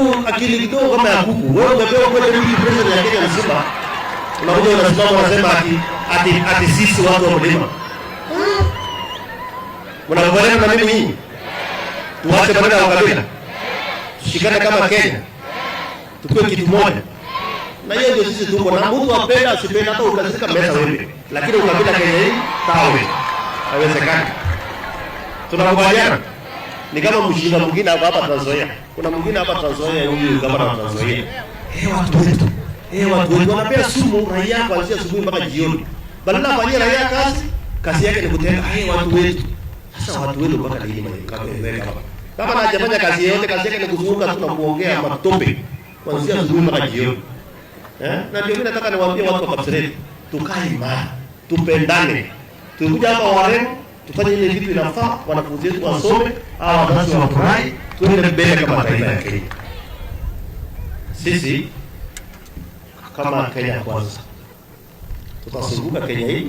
tu akili kidogo kama ya kuku. Wewe umepewa kwenda mji president ya Kenya mzima. Unakuja unasimama unasema ati ati ati sisi watu wa mlima. Mnakubaliana na mimi? Tuache baada ya ukabila. Tushikane kama Kenya. Tukue kitu moja. Na hiyo ndio sisi tuko na mtu apenda asipenda hata ukazika meza wewe. Lakini ukabila Kenya hii sawa. Haiwezekani. Tunakubaliana? Ni kama mshirika mwingine hapa hapa Tanzania. Kuna mwingine hapa Tanzania huyu kama na Tanzania. Eh, watu wetu. Eh, watu wetu wanapea sumu raia kuanzia asubuhi mpaka jioni. Badala fanyia raia kazi, kazi yake ni kutenda eh, watu wetu. Sasa watu wetu mpaka lini mwenye hapa? Baba na hajafanya kazi yote, kazi yake ni kuzunguka tu na kuongea matope kuanzia asubuhi mpaka jioni. Eh? Na ndio mimi nataka niwaambie watu wa Kapseret, tukae imara, tupendane. Tukuja hapa warembo tufanye ile vitu inafaa, wanafunzi wetu wasome, hawa wazazi wafurahi, tuende mbele kama taifa ya Kenya. Sisi kama Kenya Kwanza tutasunguka Kenya hii,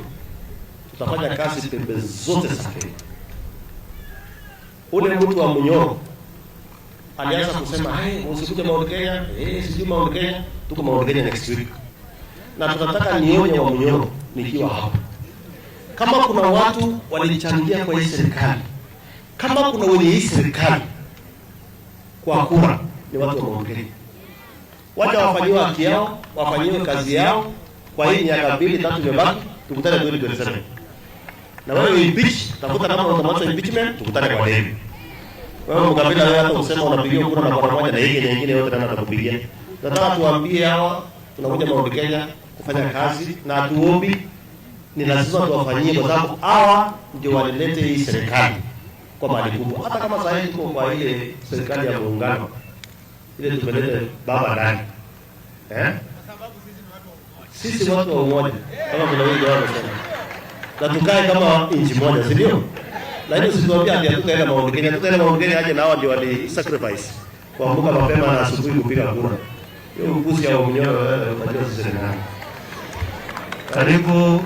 tutafanya kazi pembe zote za Kenya. Ule mtu wa Munyoro alianza kusema hey, Mount Kenya hey, eh, sijui Mount Kenya, tuko Mount Kenya next week, na tunataka nionye wa mnyoro nikiwa hapa kama kuna watu walichangia kwa hii serikali, kama kuna wenye hii serikali kwa kura, ni watu wa Mwangere, wacha wafanyiwe haki yao, wafanyiwe kazi yao kwa hii miaka mbili tatu imebaki, tukutane 2027 na wewe impeach, tafuta kama unatamata impeachment, tukutane kwa deni. Wewe mkabila wewe hata usema unapigia kura na kwa moja na yeye nyingine yote na atakupigia. Nataka tuambie hawa tunakuja Mount Kenya kufanya kazi na tuombi ni lazima tuwafanyie, kwa sababu hawa ndio walilete hii serikali kwa mali kubwa. Hata kama sasa tuko kwa ile serikali ya muungano ile tumelete baba ndani eh, sisi watu wa umoja, kama kuna wengi wao wanasema, na tukae kama nchi moja, si ndio? Lakini usituambia ati hatukaenda Mount Kenya, hatukaenda Mount Kenya aje na hawa ndio wali sacrifice kuamka mapema na asubuhi kupiga kura. Hiyo mbuzi ya mnyoro wewe eh, unajua sisi ni nani? Karibu